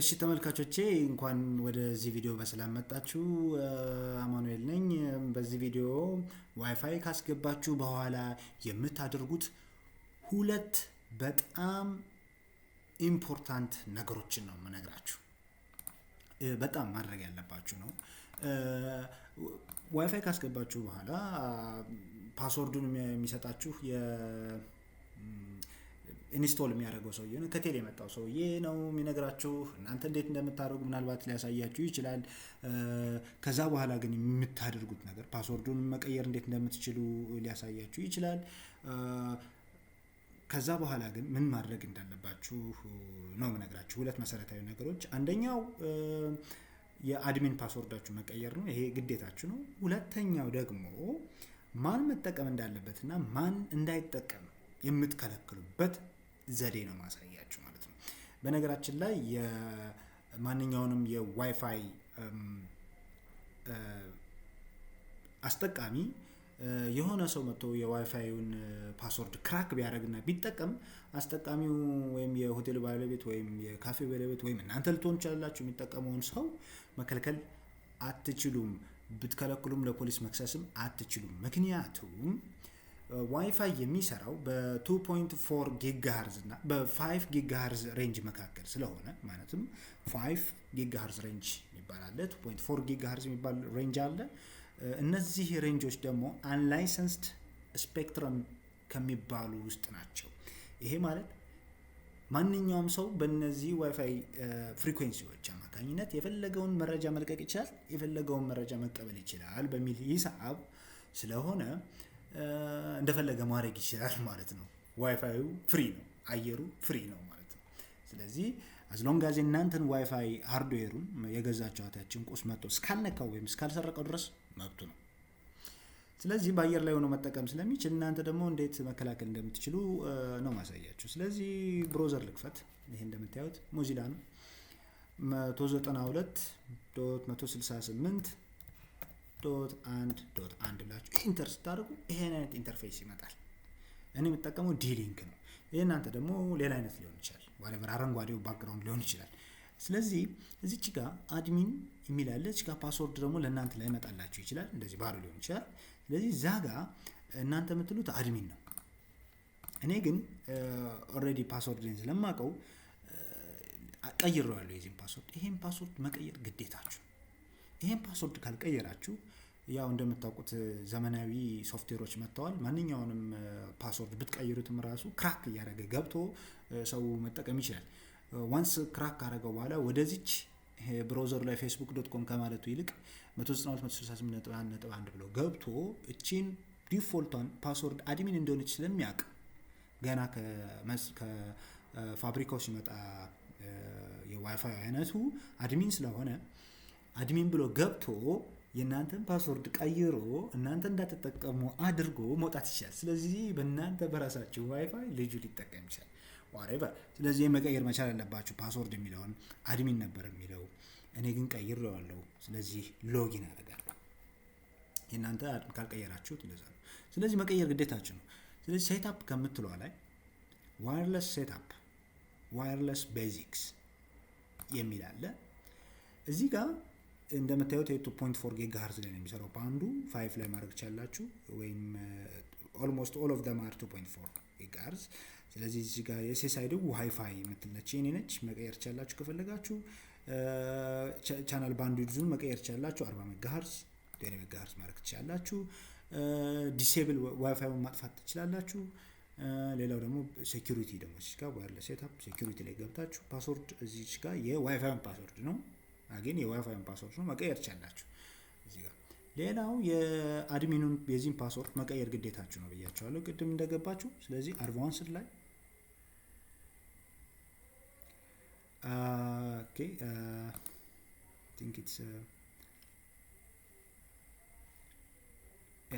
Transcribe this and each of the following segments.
እሺ ተመልካቾቼ እንኳን ወደዚህ ቪዲዮ በሰላም መጣችሁ። አማኑኤል ነኝ። በዚህ ቪዲዮ ዋይፋይ ካስገባችሁ በኋላ የምታደርጉት ሁለት በጣም ኢምፖርታንት ነገሮችን ነው የምነግራችሁ። በጣም ማድረግ ያለባችሁ ነው። ዋይፋይ ካስገባችሁ በኋላ ፓስወርዱን የሚሰጣችሁ ኢንስቶል የሚያደርገው ሰውዬ ነው። ከቴል የመጣው ሰውዬ ነው የሚነግራችሁ። እናንተ እንዴት እንደምታደርጉ ምናልባት ሊያሳያችሁ ይችላል። ከዛ በኋላ ግን የምታደርጉት ነገር ፓስወርዱን መቀየር እንዴት እንደምትችሉ ሊያሳያችሁ ይችላል። ከዛ በኋላ ግን ምን ማድረግ እንዳለባችሁ ነው የምነግራችሁ። ሁለት መሰረታዊ ነገሮች፣ አንደኛው የአድሚን ፓስወርዳችሁ መቀየር ነው። ይሄ ግዴታችሁ ነው። ሁለተኛው ደግሞ ማን መጠቀም እንዳለበትና ማን እንዳይጠቀም የምትከለክሉበት ዘዴ ነው ማሳያችሁ ማለት ነው። በነገራችን ላይ የማንኛውንም የዋይፋይ አስጠቃሚ የሆነ ሰው መጥቶ የዋይፋዩን ፓስወርድ ክራክ ቢያደርግና ቢጠቀም አስጠቃሚው ወይም የሆቴል ባለቤት ወይም የካፌ ባለቤት ወይም እናንተ ልትሆን ይችላላችሁ። የሚጠቀመውን ሰው መከልከል አትችሉም። ብትከለክሉም ለፖሊስ መክሰስም አትችሉም። ምክንያቱም ዋይፋይ የሚሰራው በ2.4 ጊጋሃርዝ እና በ5 ጊጋሃርዝ ሬንጅ መካከል ስለሆነ ማለትም 5 ጊጋሃርዝ ሬንጅ የሚባል አለ፣ 2.4 ጊጋሃርዝ የሚባል ሬንጅ አለ። እነዚህ ሬንጆች ደግሞ አንላይሰንስድ ስፔክትረም ከሚባሉ ውስጥ ናቸው። ይሄ ማለት ማንኛውም ሰው በእነዚህ ዋይፋይ ፍሪኩዌንሲዎች አማካኝነት የፈለገውን መረጃ መልቀቅ ይችላል፣ የፈለገውን መረጃ መቀበል ይችላል በሚል ሂሳብ ስለሆነ እንደፈለገ ማድረግ ይችላል ማለት ነው። ዋይፋዩ ፍሪ ነው፣ አየሩ ፍሪ ነው ማለት ነው። ስለዚህ አዝሎንግ ጋዜ እናንተን ዋይፋይ ሃርድዌሩን የገዛችኋታችን ቁስ መጥቶ እስካልነካው ወይም እስካልሰረቀው ድረስ መብቱ ነው። ስለዚህ በአየር ላይ ሆኖ መጠቀም ስለሚችል እናንተ ደግሞ እንዴት መከላከል እንደምትችሉ ነው ማሳያችሁ። ስለዚህ ብሮዘር ልክፈት። ይሄ እንደምታዩት ሞዚላ ነው 192 168 ዶት አንድ ዶት አንድ ብላችሁ ኢንተር ስታደርጉ ይሄን አይነት ኢንተርፌስ ይመጣል። እኔ የምጠቀመው ዲ ሊንክ ነው። እናንተ ደግሞ ሌላ አይነት ሊሆን ይችላል። ዋለቨር አረንጓዴው ባክግራውንድ ሊሆን ይችላል። ስለዚህ እዚች ጋ አድሚን የሚል እዚች ጋ ፓስወርድ ደግሞ ለእናንተ ላይመጣላችሁ ይችላል። እንደዚህ ባዶ ሊሆን ይችላል። ስለዚህ እዛ ጋ እናንተ የምትሉት አድሚን ነው። እኔ ግን ኦልሬዲ uh, ፓስወርድን ስለማውቀው uh, ቀይሬዋለሁ የዚህን ፓስወርድ። ይሄን ፓስወርድ መቀየር ግዴታችሁ ይህን ፓስወርድ ካልቀየራችሁ ያው እንደምታውቁት ዘመናዊ ሶፍትዌሮች መጥተዋል። ማንኛውንም ፓስወርድ ብትቀይሩትም ራሱ ክራክ እያደረገ ገብቶ ሰው መጠቀም ይችላል። ዋንስ ክራክ ካደረገው በኋላ ወደዚች ብሮዘር ላይ ፌስቡክ ዶት ኮም ከማለቱ ይልቅ 192.168.1 ብሎ ገብቶ እቺን ዲፎልቷን ፓስወርድ አድሚን እንደሆነች ስለሚያውቅ ገና ከፋብሪካው ሲመጣ የዋይፋይ አይነቱ አድሚን ስለሆነ አድሚን ብሎ ገብቶ የእናንተን ፓስወርድ ቀይሮ እናንተ እንዳትጠቀሙ አድርጎ መውጣት ይችላል። ስለዚህ በእናንተ በራሳችሁ ዋይፋይ ልጁ ሊጠቀም ይችላል። ዋሬቨር ስለዚህ መቀየር መቻል አለባችሁ። ፓስወርድ የሚለውን አድሚን ነበር የሚለው እኔ ግን ቀይሬዋለሁ። ስለዚህ ሎጊን አደርጋለሁ። የእናንተ ካልቀየራችሁት እንደዛ ነው። ስለዚህ መቀየር ግዴታችሁ ነው። ስለዚህ ሴታፕ ከምትሏ ላይ ዋርለስ ሴትአፕ፣ ዋርለስ ቤዚክስ የሚል አለ እዚህ ጋር እንደምታዩት የቱ ፖይንት ፎር ጌጋ ሀርዝ ላይ ነው የሚሰራው። በአንዱ ፋይቭ ላይ ማድረግ ቻላችሁ ወይም ኦልሞስት ኦል ኦፍ ደም አር ቱ ፖይንት ፎር ጌጋ ሀርዝ። ስለዚህ እዚህ ጋር የሴሳይድ ሃይፋይ የምትለች የኔ ነች መቀየር ቻላችሁ ከፈለጋችሁ። uh, ቻናል ባንድዊድዙን መቀየር ቻላችሁ አርባ ሜጋ ሀርዝ ዴሪ ሜጋ ሀርዝ ማድረግ ትችላላችሁ። ዲሴብል uh, ዋይፋይን ማጥፋት ትችላላችሁ። uh, ሌላው ደግሞ ሴኪሪቲ ደግሞ እዚህ ጋር ዋየርለስ ሴታፕ ሴኪሪቲ ላይ ገብታችሁ ፓስወርድ እዚህ ጋር የዋይፋይን ፓስወርድ ነው አገን የዋይፋይን ፓስወርድ ነው መቀየር ቻላችሁ። እዚህ ጋር ሌላው የአድሚኑን የዚህን ፓስወርድ መቀየር ግዴታችሁ ነው ብያችኋለሁ ቅድም እንደገባችሁ። ስለዚህ አድቫንስ ላይ ኦኬ ቲንክ ኢትስ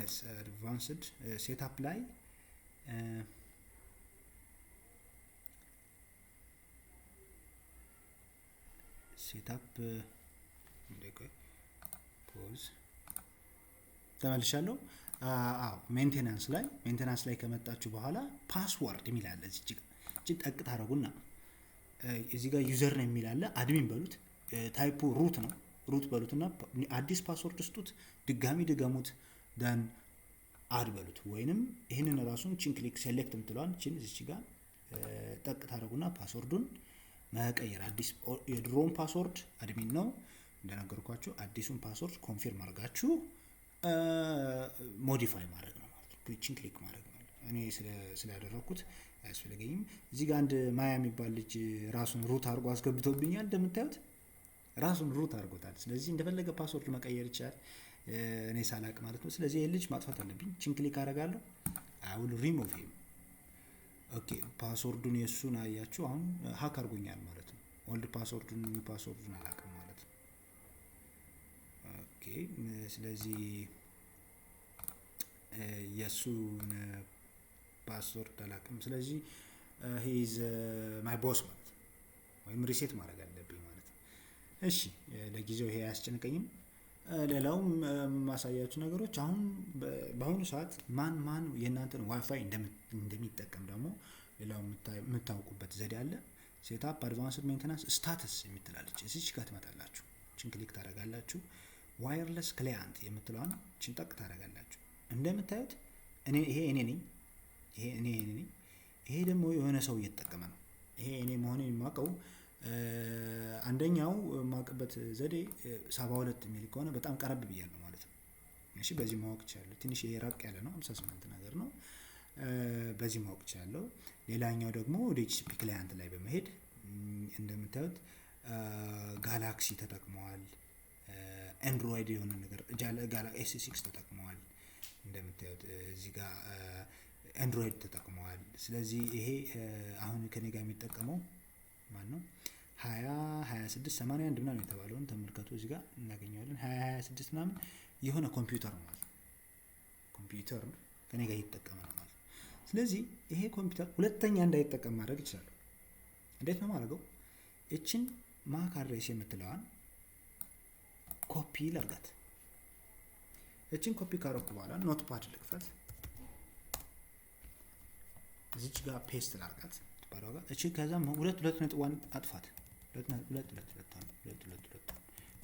ኤስ አድቫንስድ ሴታፕ ላይ ሴታፕ ፖዝ ተመልሻለሁ። አዎ ሜንቴናንስ ላይ ሜንቴናንስ ላይ ከመጣችሁ በኋላ ፓስወርድ የሚላለ እዚህ እጅግ ጠቅ ታደረጉና እዚህ ጋር ዩዘር ነው የሚላለ አድሚን በሉት። ታይፑ ሩት ነው ሩት በሉትና አዲስ ፓስወርድ ስጡት። ድጋሚ ድገሙት ደን አድ በሉት። ወይንም ይህንን ራሱን ቺን ክሊክ ሴሌክት የምትለዋን ቺን እዚች ጋር ጠቅ ታደረጉና ፓስወርዱን መቀየር አዲስ የድሮውን ፓስወርድ አድሚን ነው እንደነገርኳችሁ አዲሱን ፓስወርድ ኮንፊርም አድርጋችሁ ሞዲፋይ ማድረግ ነው ማለት ነው። ችን ክሊክ ማድረግ ነው። እኔ ስላደረግኩት አያስፈልገኝም። እዚህ ጋር አንድ ማያ የሚባል ልጅ ራሱን ሩት አድርጎ አስገብቶብኛል። እንደምታዩት ራሱን ሩት አድርጎታል። ስለዚህ እንደፈለገ ፓስወርድ መቀየር ይችላል፣ እኔ ሳላቅ ማለት ነው። ስለዚህ ይህ ልጅ ማጥፋት አለብኝ። ችን ክሊክ አደርጋለሁ። አይ ዊል ሂም ኦኬ ፓስወርዱን የእሱን አያችሁ። አሁን ሀክ አድርጎኛል ማለት ነው። ኦልድ ፓስወርዱን ኒው ፓስወርዱን አላውቅም ማለት ነው። ኦኬ ስለዚህ የእሱን ፓስወርድ አላውቅም። ስለዚህ ሂዝ ማይ ቦስ ማለት ነው፣ ወይም ሪሴት ማድረግ አለብኝ ማለት ነው። እሺ ለጊዜው ይሄ አያስጨንቀኝም። ሌላውም ማሳያችሁ ነገሮች አሁን በአሁኑ ሰዓት ማን ማን የእናንተን ዋይፋይ እንደሚጠቀም ደግሞ ሌላው የምታውቁበት ዘዴ አለ። ሴታፕ አድቫንስድ ሜንተናንስ ስታተስ የምትላለች እዚች ጋር ትመጣላችሁ። ችን ክሊክ ታደርጋላችሁ። ዋየርለስ ክላያንት የምትለዋን ችን ጠቅ ታደርጋላችሁ። እንደምታዩት ይሄ እኔ ነኝ፣ ይሄ እኔ ነኝ፣ ይሄ ደግሞ የሆነ ሰው እየተጠቀመ ነው። ይሄ እኔ መሆኔን የማውቀው አንደኛው የማውቅበት ዘዴ ሰባ ሁለት የሚል ከሆነ በጣም ቀረብ ብያለሁ ማለት ነው። እሺ በዚህ ማወቅ እችላለሁ። ትንሽ ይሄ ራቅ ያለ ነው፣ ሃምሳ ስምንት ነገር ነው። በዚህ ማወቅ እችላለሁ። ሌላኛው ደግሞ ወደ ኤችሲፒ ክላያንት ላይ በመሄድ እንደምታዩት ጋላክሲ ተጠቅመዋል። ኤንድሮይድ የሆነ ነገር ኤስ ሲክስ ተጠቅመዋል። እንደምታዩት እዚህ ጋር ኤንድሮይድ ተጠቅመዋል። ስለዚህ ይሄ አሁን ከኔ ጋር የሚጠቀመው ማን ነው? ሀያ ሀያ ስድስት ሰማንያ አንድ ምናምን የተባለውን ተመልከቱ። እዚህ ጋር እናገኘዋለን። ሀያ ሀያ ስድስት ምናምን የሆነ ኮምፒውተር ነው ኮምፒውተር ከኔ ጋር እየተጠቀመ ነው ማለት። ስለዚህ ይሄ ኮምፒውተር ሁለተኛ እንዳይጠቀም ማድረግ ይችላሉ። እንዴት ነው ማድረገው? እችን ማክ አድሬስ የምትለዋን ኮፒ ላርጋት። እችን ኮፒ ካረኩ በኋላ ኖት ፓድ ልክፈት። እዚች ጋር ፔስት ላርጋት ትባለዋ ጋር እቺ ከዛም ሁለት ሁለት ነጥብ አጥፋት። ሁለት ሁለት ሁለት ሁለት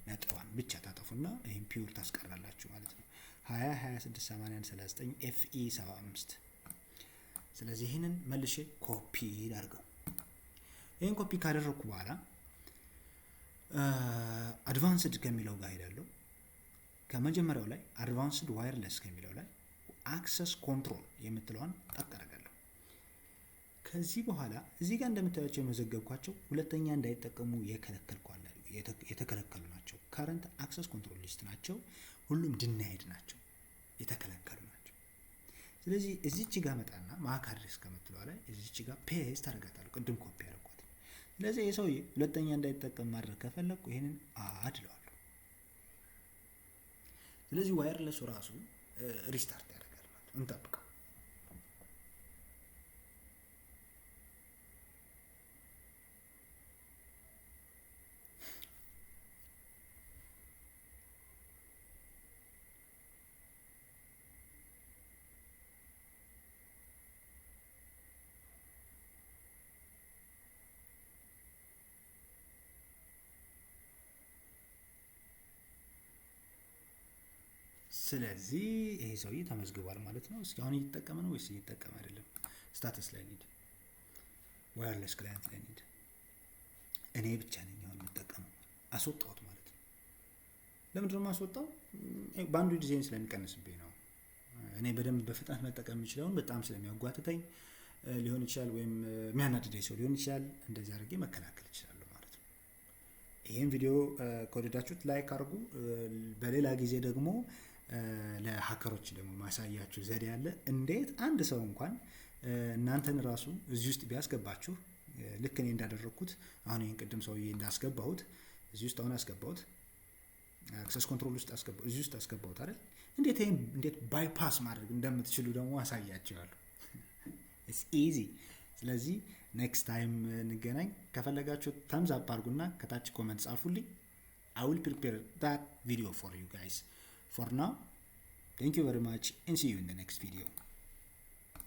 ነጥቧን ብቻ ታጠፉና ይህም ፒውር ታስቀራላችሁ ማለት ነው። 20 26 81 39 ኤፍኢ 75 ስለዚህ ይህንን መልሼ ኮፒ አድርገው። ይህን ኮፒ ካደረግኩ በኋላ አድቫንስድ ከሚለው ጋር ሄዳለሁ። ከመጀመሪያው ላይ አድቫንስድ ዋይርለስ ከሚለው ላይ አክሰስ ኮንትሮል የምትለዋን ከዚህ በኋላ እዚህ ጋር እንደምታያቸው የመዘገብኳቸው ሁለተኛ እንዳይጠቀሙ የተከለከሉ ናቸው። ካረንት አክሰስ ኮንትሮል ሊስት ናቸው። ሁሉም ድናሄድ ናቸው፣ የተከለከሉ ናቸው። ስለዚህ እዚች ጋር መጣና ማክ አድሬስ ከምትለዋ ላይ እዚች ጋር ፔስት አደርጋታለሁ። ቅድም ኮፒ ያደርኳት። ስለዚህ የሰውዬ ሁለተኛ እንዳይጠቀም ማድረግ ከፈለግኩ ይህንን አድለዋለሁ። ስለዚህ ዋይርለሱ ራሱ ሪስታርት uh, ያደርጋል ማለት እንጠብቀው ስለዚህ ይሄ ሰውዬ ተመዝግቧል ማለት ነው። እስኪ አሁን እየተጠቀመ ነው ወይስ እየተጠቀመ አይደለም? ስታተስ ላይ እንሂድ፣ ዋየርለስ ክላይንት ላይ እንሂድ። እኔ ብቻ ነኝ አሁን የምጠቀመው። አስወጣሁት ማለት ነው። ለምንድን ነው የማስወጣው? በአንዱ ዲዛይን ስለሚቀንስብኝ ነው። እኔ በደንብ በፍጥነት መጠቀም የምችለውን በጣም ስለሚያጓትተኝ ሊሆን ይችላል፣ ወይም የሚያናድደኝ ሰው ሊሆን ይችላል። እንደዚህ አድርጌ መከላከል እችላለሁ ማለት ነው። ይህም ቪዲዮ ከወደዳችሁት ላይክ አድርጉ። በሌላ ጊዜ ደግሞ ለሀከሮች ደግሞ ማሳያችሁ ዘዴ አለ እንዴት አንድ ሰው እንኳን እናንተን ራሱ እዚህ ውስጥ ቢያስገባችሁ ልክ እኔ እንዳደረግኩት አሁን ይህን ቅድም ሰውዬ እንዳስገባሁት እዚህ ውስጥ አሁን አስገባሁት፣ አክሰስ ኮንትሮል ውስጥ አስገባሁት፣ እዚህ ውስጥ አስገባሁት አይደል? እንዴት ይህም እንዴት ባይፓስ ማድረግ እንደምትችሉ ደግሞ አሳያችኋለሁ። ኢትስ ኢዚ። ስለዚህ ኔክስት ታይም እንገናኝ። ከፈለጋችሁ ተምዝ አፕ አድርጉና ከታች ኮመንት ጻፉልኝ። አይ ዊል ፕሪፔር ዳት ቪዲዮ ፎር ዩ ጋይስ for now thank you very much and see you in the next video